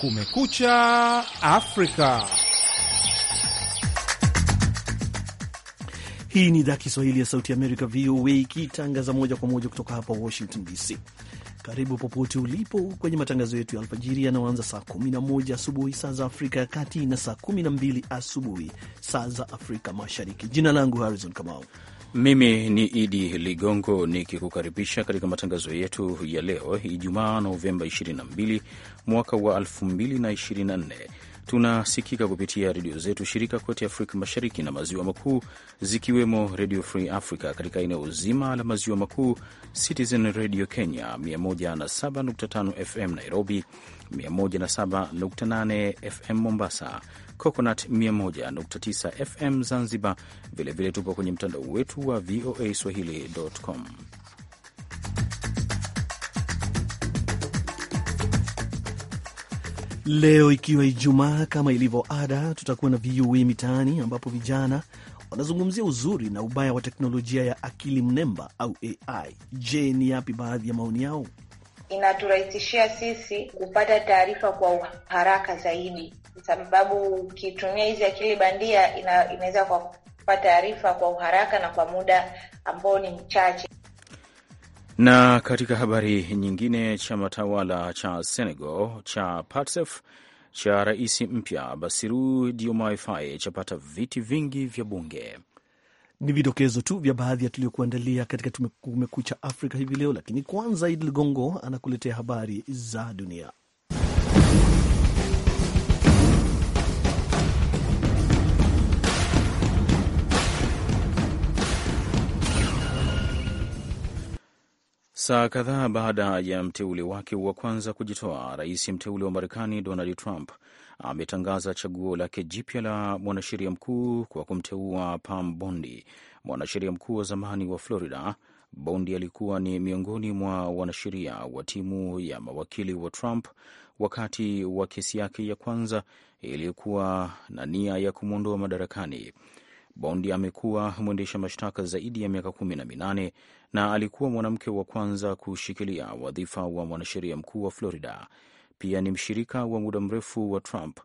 Kumekucha Afrika. Hii ni idhaa Kiswahili ya Sauti Amerika, VOA, ikitangaza moja kwa moja kutoka hapa Washington DC. Karibu popote ulipo kwenye matangazo yetu ya alfajiri yanayoanza saa 11 asubuhi saa za Afrika ya Kati na saa 12 asubuhi saa za Afrika Mashariki. Jina langu Harrison Kamau mimi ni Idi Ligongo nikikukaribisha katika matangazo yetu ya leo Ijumaa Novemba 22 mwaka wa 2024. Tunasikika kupitia redio zetu shirika kote Afrika Mashariki na Maziwa Makuu, zikiwemo Redio Free Africa katika eneo zima la Maziwa Makuu, Citizen Radio Kenya 107.5 FM Nairobi, 107.8 FM Mombasa, Coconut 101.9 FM Zanzibar. Vilevile vile tupo kwenye mtandao wetu wa VOA Swahili.com. Leo ikiwa Ijumaa, kama ilivyo ada, tutakuwa na VOA e Mitaani ambapo vijana wanazungumzia uzuri na ubaya wa teknolojia ya akili mnemba au AI. Je, ni yapi baadhi ya maoni yao? inaturahisishia sisi kupata taarifa kwa haraka zaidi, sababu ukitumia hizi akili bandia ina, inaweza kupata taarifa kwa uharaka na kwa muda ambao ni mchache. Na katika habari nyingine, chama tawala cha Senegal cha Pastef cha rais mpya Bassirou Diomaye Faye chapata viti vingi vya bunge. Ni vidokezo tu vya baadhi ya tuliokuandalia katika Kumekucha Afrika hivi leo, lakini kwanza Idi Ligongo anakuletea habari za dunia. Saa kadhaa baada ya mteule wake wa kwanza kujitoa, rais mteule wa Marekani Donald Trump ametangaza chaguo lake jipya la mwanasheria mkuu kwa kumteua Pam Bondi, mwanasheria mkuu wa zamani wa Florida. Bondi alikuwa ni miongoni mwa wanasheria wa timu ya mawakili wa Trump wakati wa kesi yake ya kwanza iliyokuwa na nia ya kumwondoa madarakani. Bondi amekuwa mwendesha mashtaka zaidi ya miaka kumi na minane na alikuwa mwanamke wa kwanza kushikilia wadhifa wa mwanasheria mkuu wa Florida. Pia ni mshirika wa muda mrefu wa Trump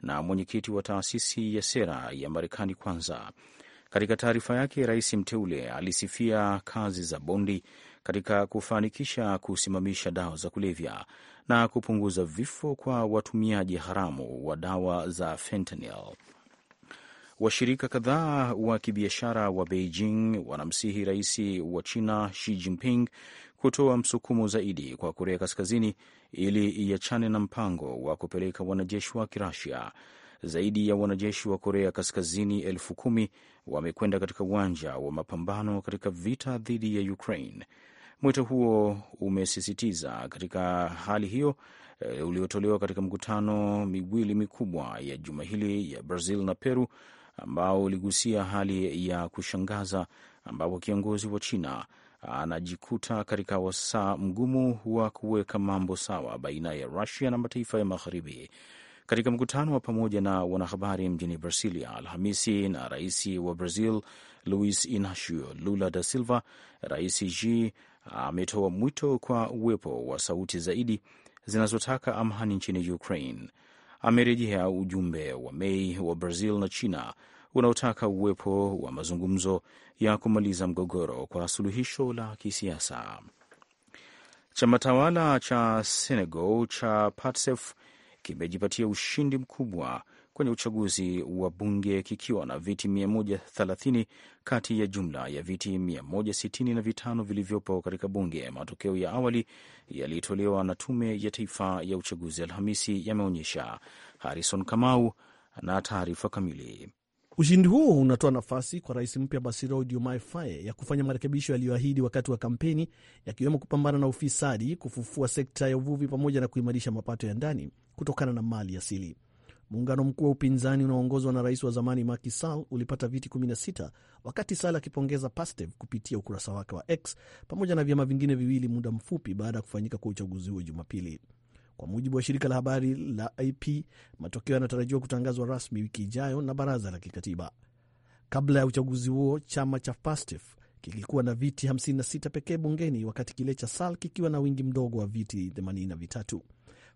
na mwenyekiti wa taasisi ya sera ya Marekani Kwanza. Katika taarifa yake, rais mteule alisifia kazi za Bondi katika kufanikisha kusimamisha dawa za kulevya na kupunguza vifo kwa watumiaji haramu wa dawa za fentanyl. Washirika kadhaa wa kibiashara wa Beijing wanamsihi rais wa China Xi Jinping kutoa msukumo zaidi kwa Korea Kaskazini ili iachane na mpango wa kupeleka wanajeshi wa Kirasia. Zaidi ya wanajeshi wa Korea Kaskazini elfu kumi wamekwenda katika uwanja wa mapambano katika vita dhidi ya Ukraine. Mwito huo umesisitiza katika hali hiyo e, uliotolewa katika mkutano miwili mikubwa ya juma hili ya Brazil na Peru ambao uligusia hali ya kushangaza ambapo kiongozi wa China anajikuta katika wasaa mgumu wa kuweka mambo sawa baina ya Rusia na mataifa ya Magharibi. Katika mkutano wa pamoja na wanahabari mjini Brasilia Alhamisi na rais wa Brazil Luis Inacio Lula da Silva, Rais Xi ametoa mwito kwa uwepo wa sauti zaidi zinazotaka amani nchini Ukraine. Amerejea ujumbe wa Mei wa Brazil na China unaotaka uwepo wa mazungumzo ya kumaliza mgogoro kwa suluhisho la kisiasa. Chama tawala cha Senegal cha PATSEF kimejipatia ushindi mkubwa kwenye uchaguzi wa bunge kikiwa na viti 130 kati ya jumla ya viti 165 vilivyopo katika bunge. Matokeo ya awali yaliyotolewa na Tume ya Taifa ya Uchaguzi Alhamisi yameonyesha. Harrison Kamau na taarifa kamili. Ushindi huo unatoa nafasi kwa rais mpya Bassirou Diomaye Faye ya kufanya marekebisho yaliyoahidi wakati wa kampeni, yakiwemo kupambana na ufisadi, kufufua sekta ya uvuvi, pamoja na kuimarisha mapato ya ndani kutokana na mali asili. Muungano mkuu wa upinzani unaoongozwa na rais wa zamani Macky Sall ulipata viti 16 wakati Sall akipongeza Pastef kupitia ukurasa wake wa X pamoja na vyama vingine viwili muda mfupi baada ya kufanyika kwa uchaguzi huo Jumapili. Kwa mujibu wa shirika la habari la AP, matokeo yanatarajiwa kutangazwa rasmi wiki ijayo na baraza la kikatiba. Kabla ya uchaguzi huo, chama cha Pastef kilikuwa na viti 56 pekee bungeni, wakati kile cha Sal kikiwa na wingi mdogo wa viti 83.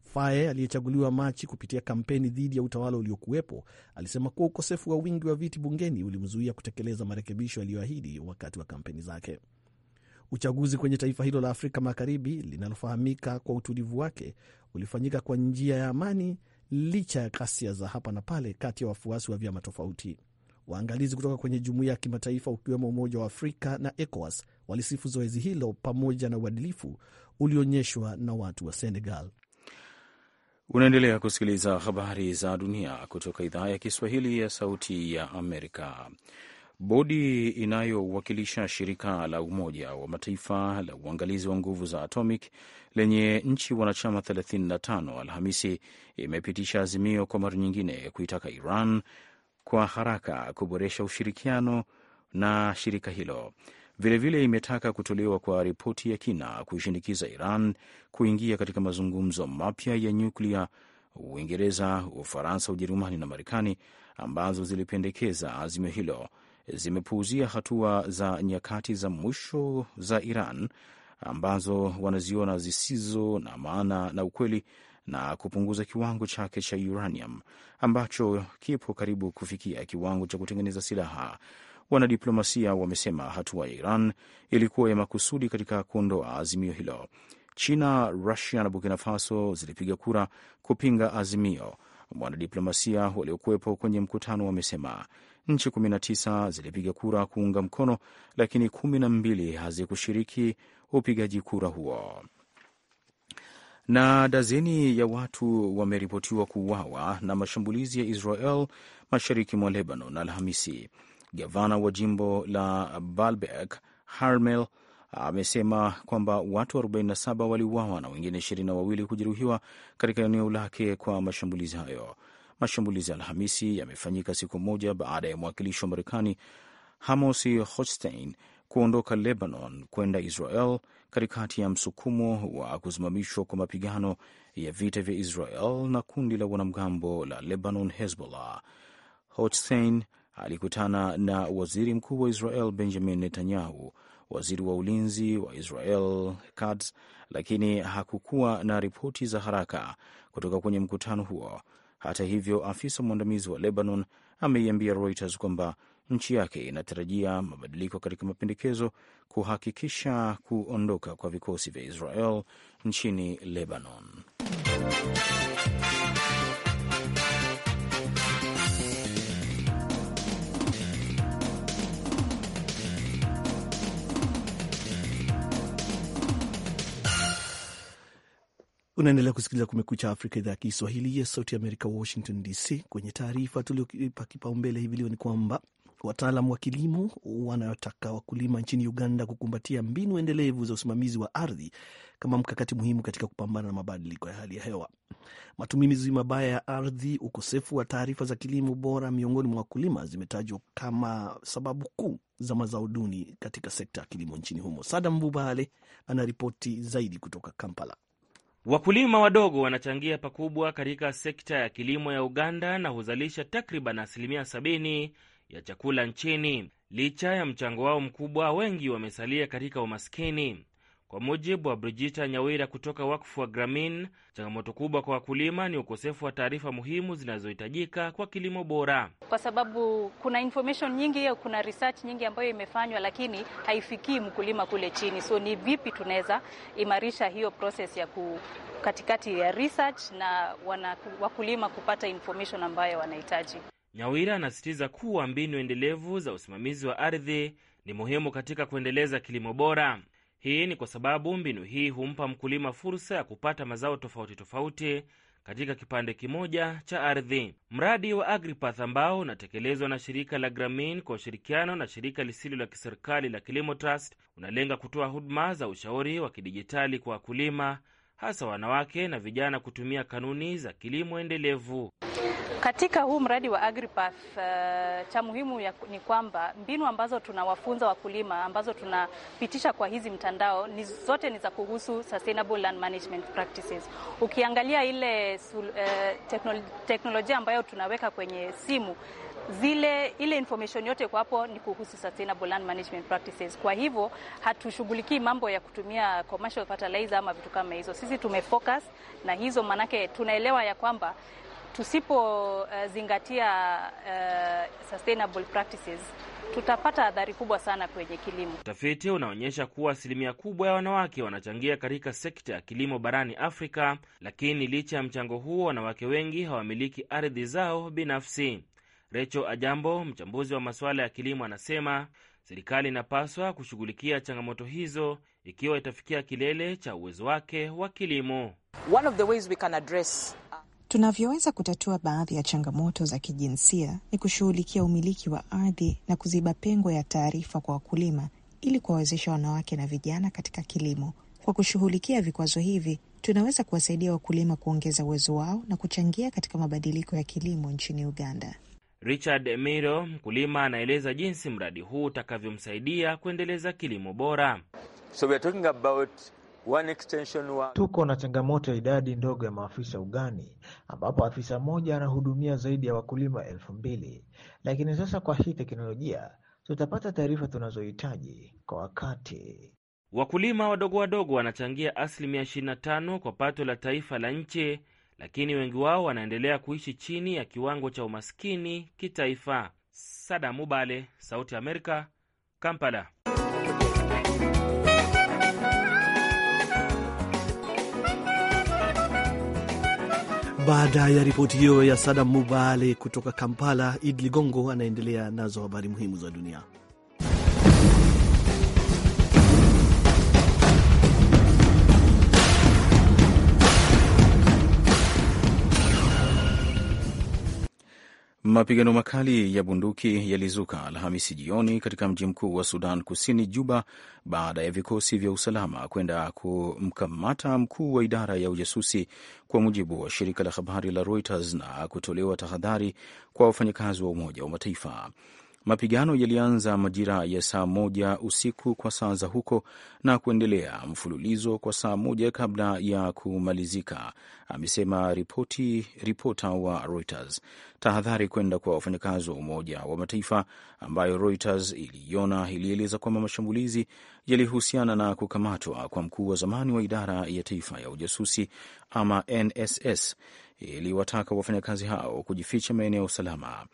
Faye aliyechaguliwa Machi kupitia kampeni dhidi ya utawala uliokuwepo alisema kuwa ukosefu wa wingi wa viti bungeni ulimzuia kutekeleza marekebisho aliyoahidi wakati wa kampeni zake. Uchaguzi kwenye taifa hilo la Afrika Magharibi linalofahamika kwa utulivu wake ulifanyika kwa njia ya amani licha ya ghasia za hapa na pale kati ya wafuasi wa vyama tofauti. Waangalizi kutoka kwenye jumuiya ya kimataifa ukiwemo Umoja wa Afrika na ECOWAS walisifu zoezi hilo pamoja na uadilifu ulioonyeshwa na watu wa Senegal. Unaendelea kusikiliza habari za dunia kutoka idhaa ya Kiswahili ya Sauti ya Amerika. Bodi inayowakilisha shirika la Umoja wa Mataifa la uangalizi wa nguvu za atomic lenye nchi wanachama 35 Alhamisi imepitisha azimio kwa mara nyingine kuitaka Iran kwa haraka kuboresha ushirikiano na shirika hilo. Vilevile vile imetaka kutolewa kwa ripoti ya kina kuishinikiza Iran kuingia katika mazungumzo mapya ya nyuklia. Uingereza, Ufaransa, Ujerumani na Marekani ambazo zilipendekeza azimio hilo zimepuuzia hatua za nyakati za mwisho za Iran ambazo wanaziona zisizo na maana na ukweli na kupunguza kiwango chake cha uranium ambacho kipo karibu kufikia kiwango cha kutengeneza silaha. Wanadiplomasia wamesema hatua ya Iran ilikuwa ya makusudi katika kuondoa azimio hilo. China, Rusia na Burkina Faso zilipiga kura kupinga azimio, wanadiplomasia waliokuwepo kwenye mkutano wamesema. Nchi 19 zilipiga kura kuunga mkono, lakini kumi na mbili hazikushiriki upigaji kura huo na dazeni ya watu wameripotiwa kuuawa na mashambulizi ya Israel mashariki mwa Lebanon Alhamisi. Gavana wa jimbo la Baalbek Harmel amesema kwamba watu 47 waliuawa na wengine ishirini na wawili kujeruhiwa katika eneo lake kwa mashambulizi hayo. Mashambulizi ya Alhamisi yamefanyika siku moja baada ya mwakilishi wa Marekani hamos Hochstein kuondoka Lebanon kwenda Israel katikati ya msukumo wa kusimamishwa kwa mapigano ya vita vya Israel na kundi la wanamgambo la Lebanon Hezbollah. Hochstein alikutana na waziri mkuu wa Israel Benjamin Netanyahu, waziri wa ulinzi wa Israel Katz, lakini hakukuwa na ripoti za haraka kutoka kwenye mkutano huo. Hata hivyo, afisa mwandamizi wa Lebanon ameiambia Reuters kwamba nchi yake inatarajia mabadiliko katika mapendekezo kuhakikisha kuondoka kwa vikosi vya Israel nchini Lebanon. Unaendelea kusikiliza Kumekucha Afrika, idhaa ya Kiswahili ya Sauti Amerika, Washington DC. Kwenye taarifa tuliopa kipaumbele hivi leo ni kwamba wataalam wa kilimo wanayotaka wakulima nchini Uganda kukumbatia mbinu endelevu za usimamizi wa ardhi kama mkakati muhimu katika kupambana na mabadiliko ya hali ya hewa. Matumizi mabaya ya ardhi, ukosefu wa taarifa za kilimo bora miongoni mwa wakulima zimetajwa kama sababu kuu za mazao duni katika sekta ya kilimo nchini humo. Sada Mbubale anaripoti zaidi kutoka Kampala. Wakulima wadogo wanachangia pakubwa katika sekta ya kilimo ya Uganda na huzalisha takriban asilimia sabini ya chakula nchini. Licha ya mchango wao mkubwa, wengi wamesalia katika umaskini. Kwa mujibu wa Brigita Nyawira kutoka wakfu wa Gramin, changamoto kubwa kwa wakulima ni ukosefu wa taarifa muhimu zinazohitajika kwa kilimo bora, kwa sababu kuna information nyingi, kuna research nyingi ambayo imefanywa, lakini haifikii mkulima kule chini. So ni vipi tunaweza imarisha hiyo process ya ku katikati ya research na wana, wakulima kupata information ambayo wanahitaji. Nyawira anasisitiza kuwa mbinu endelevu za usimamizi wa ardhi ni muhimu katika kuendeleza kilimo bora. Hii ni kwa sababu mbinu hii humpa mkulima fursa ya kupata mazao tofauti tofauti katika kipande kimoja cha ardhi. Mradi wa AgriPath ambao unatekelezwa na shirika la Gramin kwa ushirikiano na shirika lisilo la kiserikali la Kilimo Trust unalenga kutoa huduma za ushauri wa kidijitali kwa wakulima, hasa wanawake na vijana, kutumia kanuni za kilimo endelevu. Katika huu mradi wa AgriPath uh, cha muhimu ya, ni kwamba mbinu ambazo tunawafunza wakulima ambazo tunapitisha kwa hizi mtandao ni zote ni za kuhusu sustainable land management practices. Ukiangalia ile uh, teknolo, teknolojia ambayo tunaweka kwenye simu zile ile information yote kwa hapo ni kuhusu sustainable land management practices. Kwa hivyo hatushughulikii mambo ya kutumia commercial fertilizer ama vitu kama hizo. Sisi tumefocus na hizo, manake tunaelewa ya kwamba tusipozingatia uh, sustainable practices tutapata athari kubwa sana kwenye kilimo. Utafiti unaonyesha kuwa asilimia kubwa ya wanawake wanachangia katika sekta ya kilimo barani Afrika, lakini licha ya mchango huo, wanawake wengi hawamiliki ardhi zao binafsi. Recho Ajambo, mchambuzi wa masuala ya kilimo, anasema serikali inapaswa kushughulikia changamoto hizo ikiwa itafikia kilele cha uwezo wake wa kilimo. One of the ways we can address Tunavyoweza kutatua baadhi ya changamoto za kijinsia ni kushughulikia umiliki wa ardhi na kuziba pengo ya taarifa kwa wakulima ili kuwawezesha wanawake na vijana katika kilimo. Kwa kushughulikia vikwazo hivi, tunaweza kuwasaidia wakulima kuongeza uwezo wao na kuchangia katika mabadiliko ya kilimo nchini Uganda. Richard Miro, mkulima, anaeleza jinsi mradi huu utakavyomsaidia kuendeleza kilimo bora. So we are talking about tuko na changamoto ya idadi ndogo ya maafisa ugani, ambapo afisa mmoja anahudumia zaidi ya wakulima elfu mbili. Lakini sasa kwa hii teknolojia tutapata taarifa tunazohitaji kwa wakati. Wakulima wadogo wadogo wanachangia asilimia 25 kwa pato la taifa la nchi, lakini wengi wao wanaendelea kuishi chini ya kiwango cha umaskini kitaifa. Sada Mubale, Sauti Amerika, Kampala. Baada ya ripoti hiyo ya Sadam Mubale kutoka Kampala, Idi Ligongo anaendelea nazo habari muhimu za dunia. Mapigano makali ya bunduki yalizuka Alhamisi jioni katika mji mkuu wa Sudan Kusini, Juba, baada ya vikosi vya usalama kwenda kumkamata mkuu wa idara ya ujasusi, kwa mujibu wa shirika la habari la Reuters, na kutolewa tahadhari kwa wafanyakazi wa Umoja wa Mataifa. Mapigano yalianza majira ya saa moja usiku kwa saa za huko na kuendelea mfululizo kwa saa moja kabla ya kumalizika, amesema ripoti ripota wa Reuters. Tahadhari kwenda kwa wafanyakazi wa Umoja wa Mataifa ambayo Reuters iliiona ilieleza kwamba mashambulizi yalihusiana na kukamatwa kwa mkuu wa zamani wa idara ya taifa ya ujasusi ama NSS, iliwataka wafanyakazi hao kujificha maeneo salama.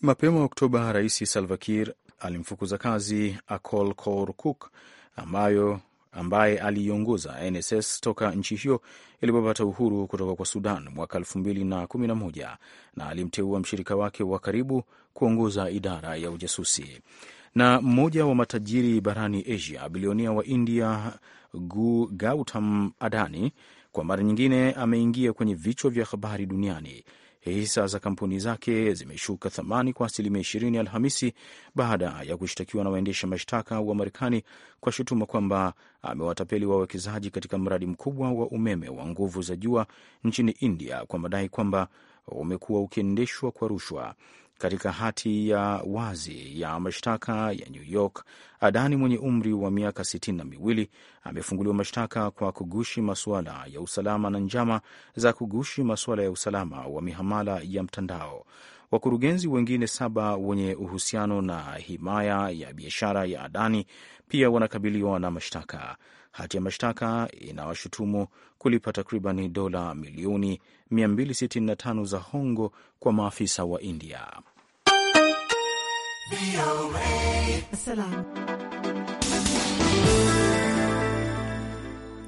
Mapema Oktoba, Rais Salva Kiir alimfukuza kazi Akol Kor Cook ambayo ambaye aliiongoza NSS toka nchi hiyo ilipopata uhuru kutoka kwa Sudan mwaka mbili na alimteua mshirika wake wa karibu kuongoza idara ya ujasusi. Na mmoja wa matajiri barani Asia, bilionia wa India Gautam Adani, kwa mara nyingine ameingia kwenye vichwa vya habari duniani hisa za kampuni zake zimeshuka thamani kwa asilimia ishirini Alhamisi baada ya kushtakiwa na waendesha mashtaka wa Marekani kwa shutuma kwamba amewatapeli wawekezaji katika mradi mkubwa wa umeme wa nguvu za jua nchini India kwa madai kwamba umekuwa ukiendeshwa kwa rushwa. Katika hati ya wazi ya mashtaka ya New York, Adani mwenye umri wa miaka sitini na miwili amefunguliwa mashtaka kwa kugushi masuala ya usalama na njama za kugushi masuala ya usalama wa mihamala ya mtandao. Wakurugenzi wengine saba wenye uhusiano na himaya ya biashara ya Adani pia wanakabiliwa na mashtaka. Hati ya mashtaka inawashutumu kulipa takriban dola milioni 265 za hongo kwa maafisa wa India.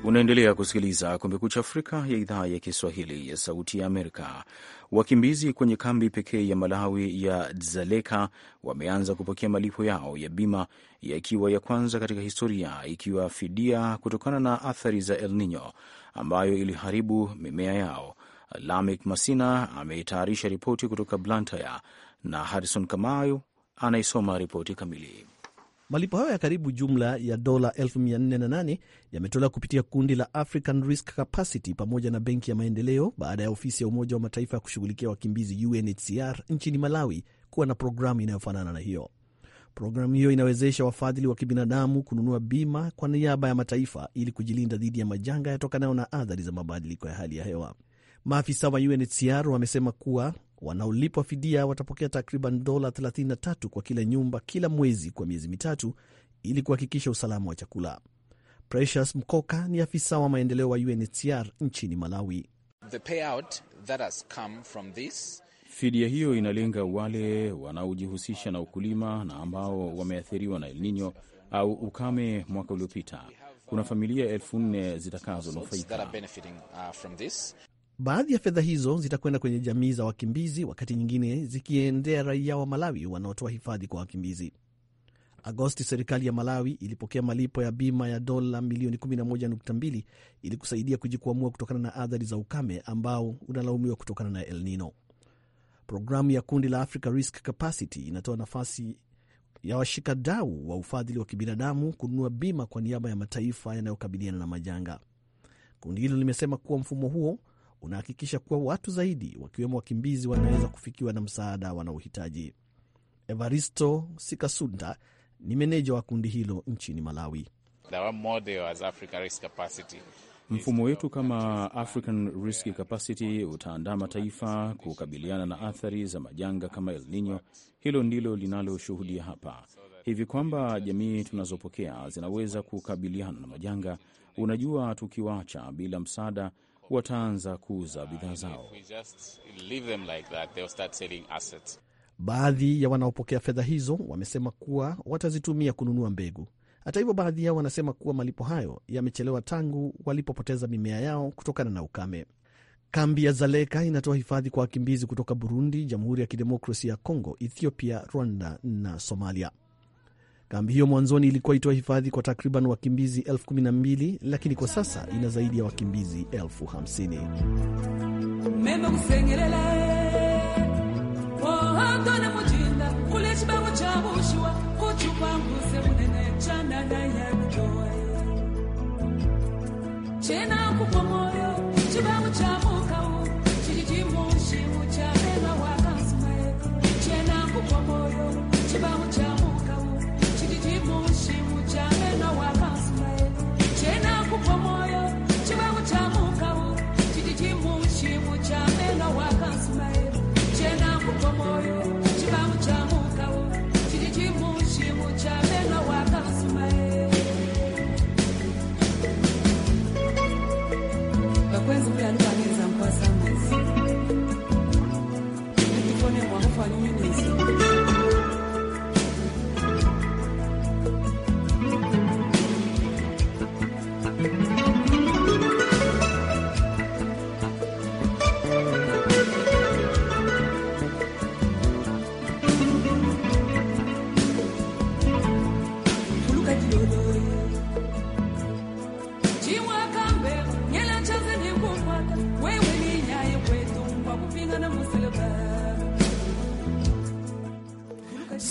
Unaendelea kusikiliza Kumekucha Afrika ya idhaa ya Kiswahili ya Sauti ya Amerika. Wakimbizi kwenye kambi pekee ya Malawi ya Dzaleka wameanza kupokea malipo yao ya bima, yakiwa ya kwanza katika historia, ikiwa fidia kutokana na athari za El Nino ambayo iliharibu mimea yao Lamik Masina ametayarisha ripoti kutoka Blantyre na Harrison kamayo anaisoma ripoti kamili. Malipo hayo ya karibu jumla ya dola 48 yametolewa kupitia kundi la African Risk Capacity pamoja na Benki ya Maendeleo baada ya ofisi ya Umoja wa Mataifa ya kushughulikia wakimbizi UNHCR nchini Malawi kuwa na programu inayofanana na hiyo. Programu hiyo inawezesha wafadhili wa kibinadamu kununua bima kwa niaba ya mataifa ili kujilinda dhidi ya majanga yatokanayo na athari za mabadiliko ya hali ya hewa. Maafisa wa UNHCR wamesema kuwa wanaolipwa fidia watapokea takriban dola 33 kwa kila nyumba kila mwezi kwa miezi mitatu ili kuhakikisha usalama wa chakula. Precious Mkoka ni afisa wa maendeleo wa UNHCR nchini Malawi. The payout that has come from this... fidia hiyo inalenga wale wanaojihusisha na ukulima na ambao wameathiriwa na El Nino au ukame mwaka uliopita. Kuna familia elfu nne zitakazonufaika. Baadhi ya fedha hizo zitakwenda kwenye jamii za wakimbizi, wakati nyingine zikiendea raia wa Malawi wanaotoa hifadhi kwa wakimbizi. Agosti, serikali ya Malawi ilipokea malipo ya bima ya dola milioni 11.2 ili kusaidia kujikwamua kutokana na athari za ukame ambao unalaumiwa kutokana na El Nino. Programu ya kundi la Africa Risk Capacity inatoa nafasi ya washikadau wa ufadhili wa kibinadamu kununua bima kwa niaba ya mataifa yanayokabiliana na majanga. Kundi hilo limesema kuwa mfumo huo unahakikisha kuwa watu zaidi wakiwemo wakimbizi wanaweza kufikiwa na msaada wanaohitaji. Evaristo Sikasunda ni meneja wa kundi hilo nchini Malawi. Mfumo wetu kama African Risk Capacity utaandaa mataifa kukabiliana na athari za majanga kama El Nino. Hilo ndilo linaloshuhudia hapa hivi kwamba jamii tunazopokea zinaweza kukabiliana na majanga. Unajua, tukiwaacha bila msaada wataanza kuuza bidhaa zao. Baadhi ya wanaopokea fedha hizo wamesema kuwa watazitumia kununua mbegu. Hata hivyo, baadhi yao wanasema kuwa malipo hayo yamechelewa tangu walipopoteza mimea yao kutokana na ukame. Kambi ya Zaleka inatoa hifadhi kwa wakimbizi kutoka Burundi, Jamhuri ya Kidemokrasia ya Kongo, Ethiopia, Rwanda na Somalia. Kambi hiyo mwanzoni ilikuwa itoa hifadhi kwa takriban wakimbizi elfu kumi na mbili lakini kwa sasa ina zaidi ya wakimbizi elfu hamsini.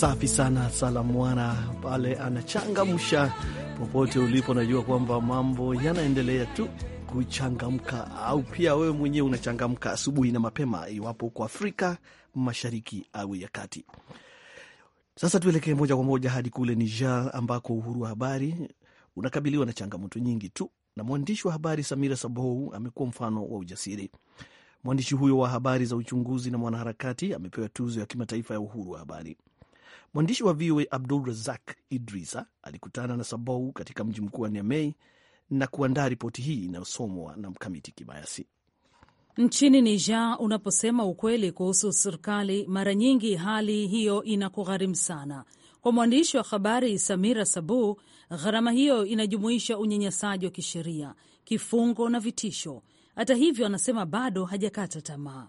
safi sana Salamwana pale anachangamsha popote ulipo. Najua kwamba mambo yanaendelea tu kuchangamka, au pia wewe mwenyewe unachangamka asubuhi na mapema, iwapo uko Afrika Mashariki au ya Kati. Sasa tuelekee moja kwa moja hadi kule Niger ambako uhuru wa habari unakabiliwa na changamoto nyingi tu, na mwandishi wa habari Samira Sabou amekuwa mfano wa ujasiri. Mwandishi huyo wa habari za uchunguzi na mwanaharakati amepewa tuzo ya kimataifa ya uhuru wa habari. Mwandishi wa VOA Abdul Razak Idrisa alikutana na Sabou katika mji mkuu wa Niamey na kuandaa ripoti hii inayosomwa na Mkamiti Kibayasi. Nchini Niger, unaposema ukweli kuhusu serikali, mara nyingi hali hiyo inakugharimu sana. Kwa mwandishi wa habari Samira Sabu, gharama hiyo inajumuisha unyanyasaji wa kisheria, kifungo na vitisho. Hata hivyo, anasema bado hajakata tamaa.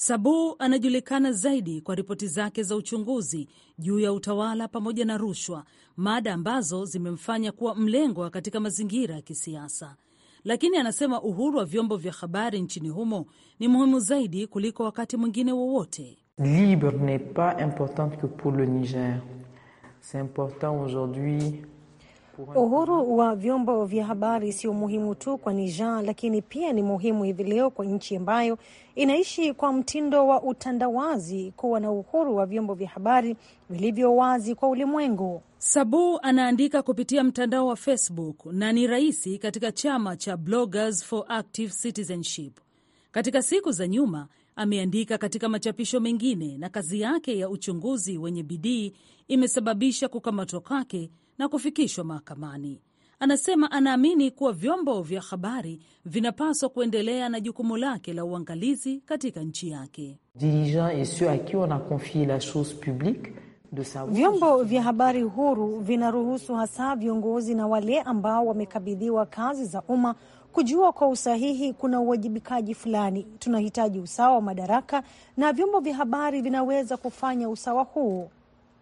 Sabu anajulikana zaidi kwa ripoti zake za uchunguzi juu ya utawala pamoja na rushwa, mada ambazo zimemfanya kuwa mlengwa katika mazingira ya kisiasa. Lakini anasema uhuru wa vyombo vya habari nchini humo ni muhimu zaidi kuliko wakati mwingine wowote. Libre n'est pas importante que pour le Niger. C'est important aujourd'hui Uhuru wa vyombo vya habari sio muhimu tu kwa Niger, lakini pia ni muhimu hivi leo kwa nchi ambayo inaishi kwa mtindo wa utandawazi kuwa na uhuru wa vyombo vya habari vilivyo wazi kwa ulimwengu. Sabu anaandika kupitia mtandao wa Facebook na ni rais katika chama cha Bloggers for Active Citizenship. Katika siku za nyuma ameandika katika machapisho mengine na kazi yake ya uchunguzi wenye bidii imesababisha kukamatwa kwake na kufikishwa mahakamani. Anasema anaamini kuwa vyombo vya habari vinapaswa kuendelea na jukumu lake la uangalizi katika nchi yake. Vyombo vya habari huru vinaruhusu hasa viongozi na wale ambao wamekabidhiwa kazi za umma kujua kwa usahihi kuna uwajibikaji fulani. Tunahitaji usawa wa madaraka na vyombo vya habari vinaweza kufanya usawa huo.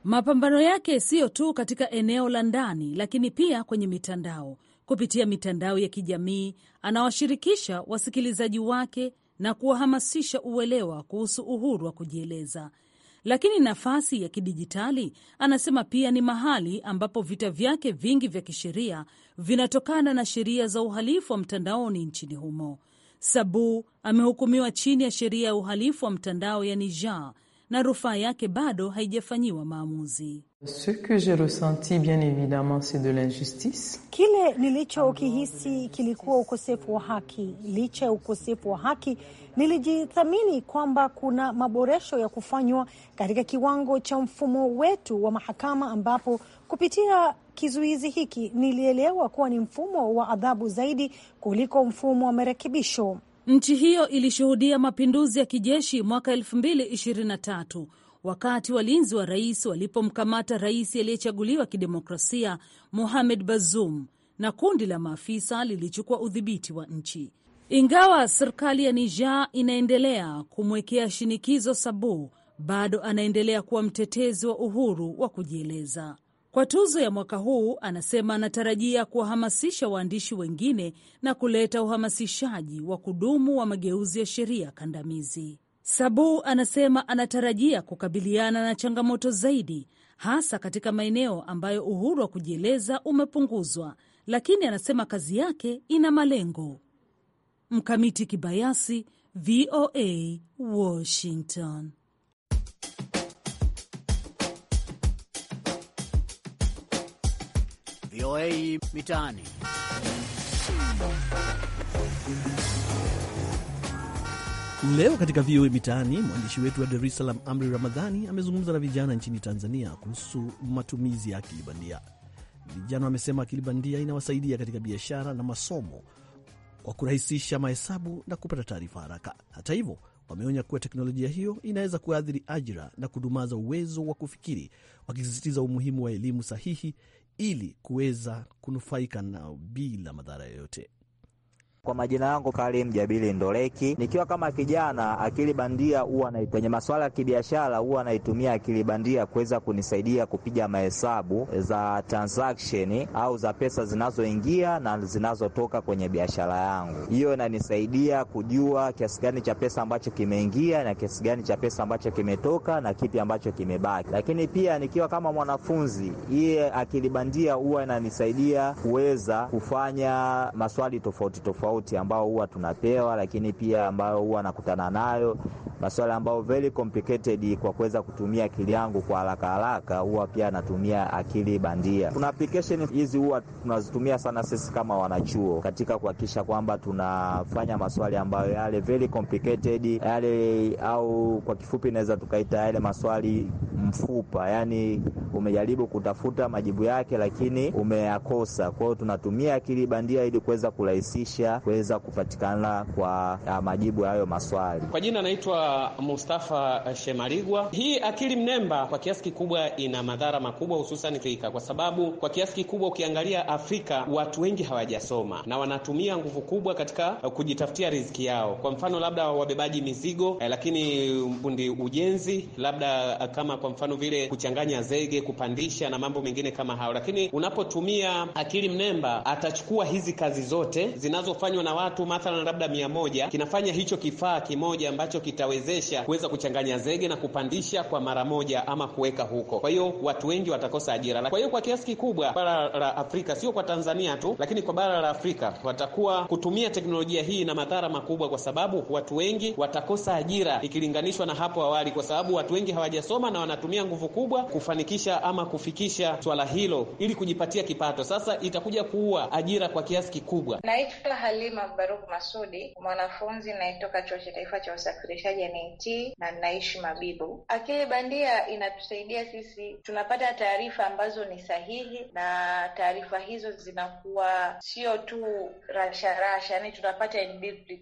Mapambano yake siyo tu katika eneo la ndani, lakini pia kwenye mitandao. Kupitia mitandao ya kijamii, anawashirikisha wasikilizaji wake na kuwahamasisha uelewa kuhusu uhuru wa kujieleza. Lakini nafasi ya kidijitali anasema pia ni mahali ambapo vita vyake vingi vya kisheria vinatokana na sheria za uhalifu wa mtandaoni nchini humo. Sabu amehukumiwa chini ya sheria ya uhalifu wa mtandao ya Niger na rufaa yake bado haijafanyiwa maamuzi. Kile nilichokihisi kilikuwa ukosefu wa haki. Licha ya ukosefu wa haki, nilijithamini kwamba kuna maboresho ya kufanywa katika kiwango cha mfumo wetu wa mahakama, ambapo kupitia kizuizi hiki nilielewa kuwa ni mfumo wa adhabu zaidi kuliko mfumo wa marekebisho. Nchi hiyo ilishuhudia mapinduzi ya kijeshi mwaka 2023 wakati walinzi wa rais walipomkamata rais aliyechaguliwa kidemokrasia Mohamed Bazoum na kundi la maafisa lilichukua udhibiti wa nchi. Ingawa serikali ya Niger inaendelea kumwekea shinikizo sabu bado anaendelea kuwa mtetezi wa uhuru wa kujieleza. Kwa tuzo ya mwaka huu, anasema anatarajia kuwahamasisha waandishi wengine na kuleta uhamasishaji wa kudumu wa mageuzi ya sheria kandamizi. Sabu anasema anatarajia kukabiliana na changamoto zaidi, hasa katika maeneo ambayo uhuru wa kujieleza umepunguzwa, lakini anasema kazi yake ina malengo. Mkamiti Kibayasi, VOA, Washington. VOA Mitaani. Leo katika VOA Mitaani, mwandishi wetu wa Dar es Salaam Amri Ramadhani amezungumza na vijana nchini Tanzania kuhusu matumizi ya akili bandia. Vijana wamesema akili bandia inawasaidia katika biashara na masomo kwa kurahisisha mahesabu na kupata taarifa haraka. Hata hivyo, wameonya kuwa teknolojia hiyo inaweza kuathiri ajira na kudumaza uwezo wa kufikiri, wakisisitiza umuhimu wa elimu sahihi ili kuweza kunufaika nao bila madhara yoyote. Kwa majina yangu Karim Jabili Ndoleki, nikiwa kama kijana, akili bandia huwa na kwenye masuala ya kibiashara huwa naitumia akili bandia kuweza kunisaidia kupiga mahesabu za transaction au za pesa zinazoingia na zinazotoka kwenye biashara yangu. Hiyo inanisaidia kujua kiasi gani cha pesa ambacho kimeingia na kiasi gani cha pesa ambacho kimetoka na kipi ambacho kimebaki. Lakini pia nikiwa kama mwanafunzi, hii akili bandia huwa inanisaidia kuweza kufanya maswali tofauti tofauti tofauti ambao huwa tunapewa, lakini pia ambayo huwa nakutana nayo maswala ambayo very complicated kwa kuweza kutumia akili yangu kwa haraka haraka, huwa pia natumia akili bandia. Kuna application hizi huwa tunazitumia sana sisi kama wanachuo katika kuhakikisha kwamba tunafanya maswali ambayo yale very complicated yale, au kwa kifupi naweza tukaita yale maswali mfupa, yani umejaribu kutafuta majibu yake lakini umeyakosa. Kwa hiyo tunatumia akili bandia ili kuweza kurahisisha kuweza kupatikana kwa ya majibu hayo maswali. Kwa jina naitwa Mustafa Shemarigwa. Hii akili mnemba kwa kiasi kikubwa ina madhara makubwa, hususan Afrika, kwa sababu kwa kiasi kikubwa ukiangalia Afrika watu wengi hawajasoma na wanatumia nguvu kubwa katika kujitafutia riziki yao. Kwa mfano labda wabebaji mizigo eh, lakini fundi ujenzi labda eh, kama kwa mfano vile kuchanganya zege, kupandisha na mambo mengine kama hayo. Lakini unapotumia akili mnemba, atachukua hizi kazi zote zinazofanywa na watu mathalan labda mia moja, kinafanya hicho kifaa kimoja ambacho kitawezesha kuweza kuchanganya zege na kupandisha kwa mara moja ama kuweka huko. Kwa hiyo watu wengi watakosa ajira. Kwa hiyo kwa kiasi kikubwa bara la Afrika, sio kwa Tanzania tu, lakini kwa bara la Afrika watakuwa kutumia teknolojia hii na madhara makubwa, kwa sababu watu wengi watakosa ajira ikilinganishwa na hapo awali, kwa sababu watu wengi hawajasoma na wanatu anatumia nguvu kubwa kufanikisha ama kufikisha swala hilo ili kujipatia kipato. Sasa itakuja kuua ajira kwa kiasi kikubwa. Naitwa Halima Baruk Masudi, mwanafunzi nayetoka Chuo cha Taifa cha Usafirishaji NIT na naishi Mabibu. Akili bandia inatusaidia sisi, tunapata taarifa ambazo ni sahihi na taarifa hizo zinakuwa sio tu rasharasha, yani tunapata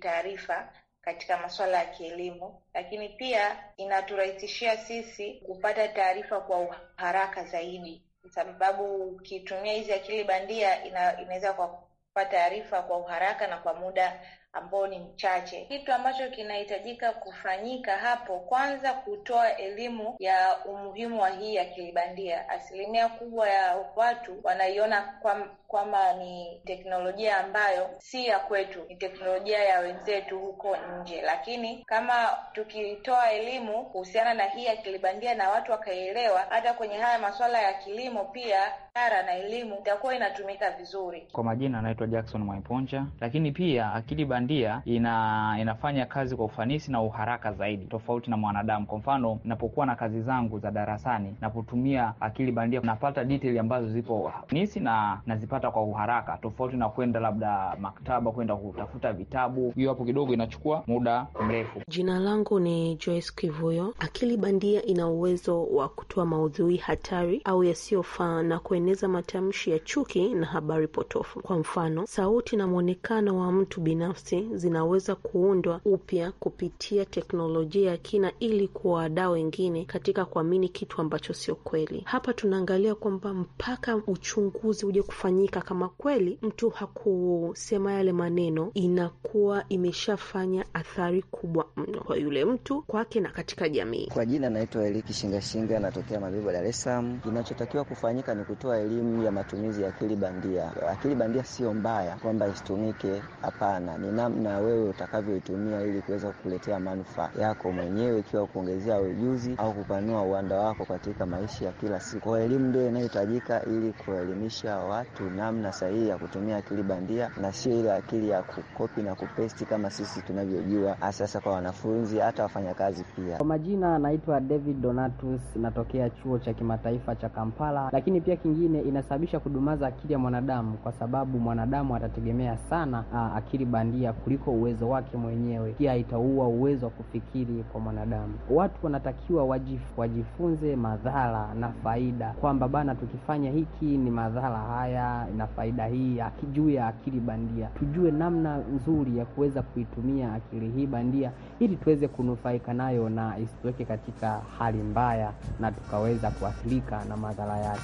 taarifa katika masuala ya kielimu, lakini pia inaturahisishia sisi kupata taarifa kwa haraka zaidi, kwa sababu ukitumia hizi akili bandia ina, inaweza kupata taarifa kwa uharaka na kwa muda ambao ni mchache. Kitu ambacho kinahitajika kufanyika hapo, kwanza kutoa elimu ya umuhimu wa hii akili bandia. Asilimia kubwa ya watu wanaiona kwa kwamba ni teknolojia ambayo si ya kwetu, ni teknolojia ya wenzetu huko nje. Lakini kama tukitoa elimu kuhusiana na hii akili bandia na watu wakaelewa, hata kwenye haya masuala ya kilimo pia ara na elimu itakuwa inatumika vizuri. Kwa majina anaitwa Jackson Mwaiponja. Lakini pia akili bandia ina inafanya kazi kwa ufanisi na uharaka zaidi tofauti na mwanadamu. Kwa mfano, napokuwa na kazi zangu za darasani, napotumia akili bandia napata detail ambazo zipo nisi na nazipata kupata kwa uharaka, tofauti na kwenda labda maktaba kwenda kutafuta vitabu. Hiyo hapo kidogo inachukua muda mrefu. Jina langu ni Joyce Kivuyo. Akili bandia ina uwezo wa kutoa maudhui hatari au yasiyofaa na kueneza matamshi ya chuki na habari potofu. Kwa mfano, sauti na mwonekano wa mtu binafsi zinaweza kuundwa upya kupitia teknolojia ya kina ili kuwaadaa wengine katika kuamini kitu ambacho sio kweli. Hapa tunaangalia kwamba mpaka uchunguzi uje kufanyika kuaminika kama kweli mtu hakusema yale maneno, inakuwa imeshafanya athari kubwa mno kwa yule mtu, kwake na katika jamii. Kwa jina naitwa Eliki Shingashinga, anatokea Mabibo, Dar es Salaam. Kinachotakiwa kufanyika ni kutoa elimu ya matumizi ya akili bandia. Akili bandia sio mbaya kwamba isitumike, hapana, ni namna wewe utakavyoitumia ili kuweza kukuletea manufaa yako mwenyewe, ikiwa kuongezea ujuzi au kupanua uwanda wako katika maisha ya kila siku. Kwa elimu ndio inayohitajika ili kuwaelimisha watu namna sahihi ya kutumia akili bandia na sio ile akili ya kukopi na kupesti kama sisi tunavyojua, sasa kwa wanafunzi, hata wafanyakazi pia. Kwa majina anaitwa David Donatus, natokea chuo cha kimataifa cha Kampala. Lakini pia kingine inasababisha kudumaza akili ya mwanadamu, kwa sababu mwanadamu atategemea sana aa, akili bandia kuliko uwezo wake mwenyewe. Pia itaua uwezo wa kufikiri kwa mwanadamu. Watu wanatakiwa wajif, wajifunze madhara na faida, kwamba bana, tukifanya hiki ni madhara haya ina, faida hii juu ya akili bandia. Tujue namna nzuri ya kuweza kuitumia akili hii bandia ili tuweze kunufaika nayo na isituweke katika hali mbaya na tukaweza kuathirika na madhara yake.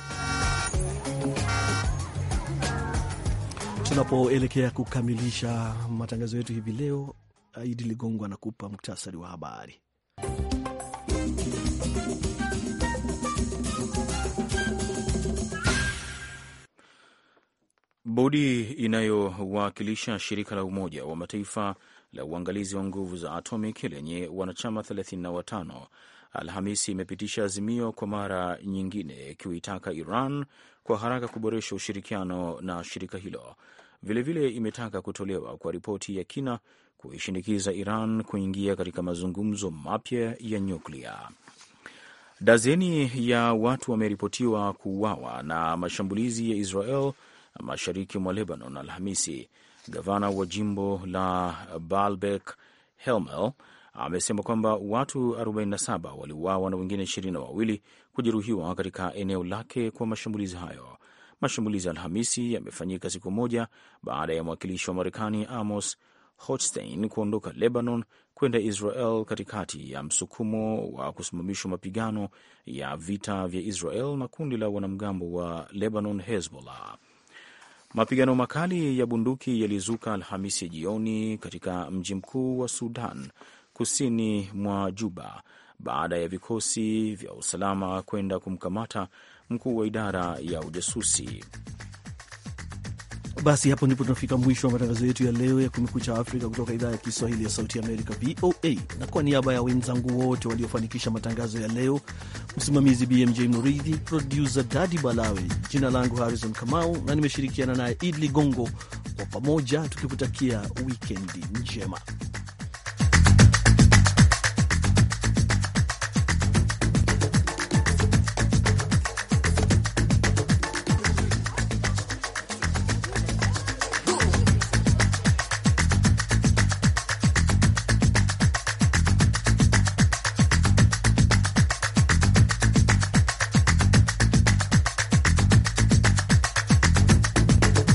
Tunapoelekea kukamilisha matangazo yetu hivi leo, Idi Ligongo anakupa muktasari wa habari. Bodi inayowakilisha shirika la Umoja wa Mataifa la uangalizi wa nguvu za atomic lenye wanachama 35 Alhamisi imepitisha azimio kwa mara nyingine ikiitaka Iran kwa haraka kuboresha ushirikiano na shirika hilo. Vilevile vile imetaka kutolewa kwa ripoti ya kina kuishinikiza Iran kuingia katika mazungumzo mapya ya nyuklia. Dazeni ya watu wameripotiwa kuuawa na mashambulizi ya Israel mashariki mwa Lebanon Alhamisi. Gavana wa jimbo la Baalbek Helmel amesema kwamba watu 47 waliuawa na wengine ishirini na wawili kujeruhiwa katika eneo lake kwa mashambulizi hayo. Mashambulizi Alhamisi yamefanyika siku moja baada ya mwakilishi wa Marekani Amos Hochstein kuondoka Lebanon kwenda Israel katikati ya msukumo wa kusimamishwa mapigano ya vita vya Israel na kundi la wanamgambo wa Lebanon Hezbollah. Mapigano makali ya bunduki yalizuka Alhamisi jioni katika mji mkuu wa Sudan kusini mwa Juba baada ya vikosi vya usalama kwenda kumkamata mkuu wa idara ya ujasusi. Basi hapo ndipo tunafika mwisho wa matangazo yetu ya leo ya Kumekucha Afrika kutoka idhaa ya Kiswahili ya Sauti Amerika, VOA. Na kwa niaba ya wenzangu wote waliofanikisha matangazo ya leo, msimamizi BMJ Muridhi, produsa Dadi Balawe, jina langu Harrison Kamau na nimeshirikiana naye Idli Ligongo, kwa pamoja tukikutakia wikendi njema.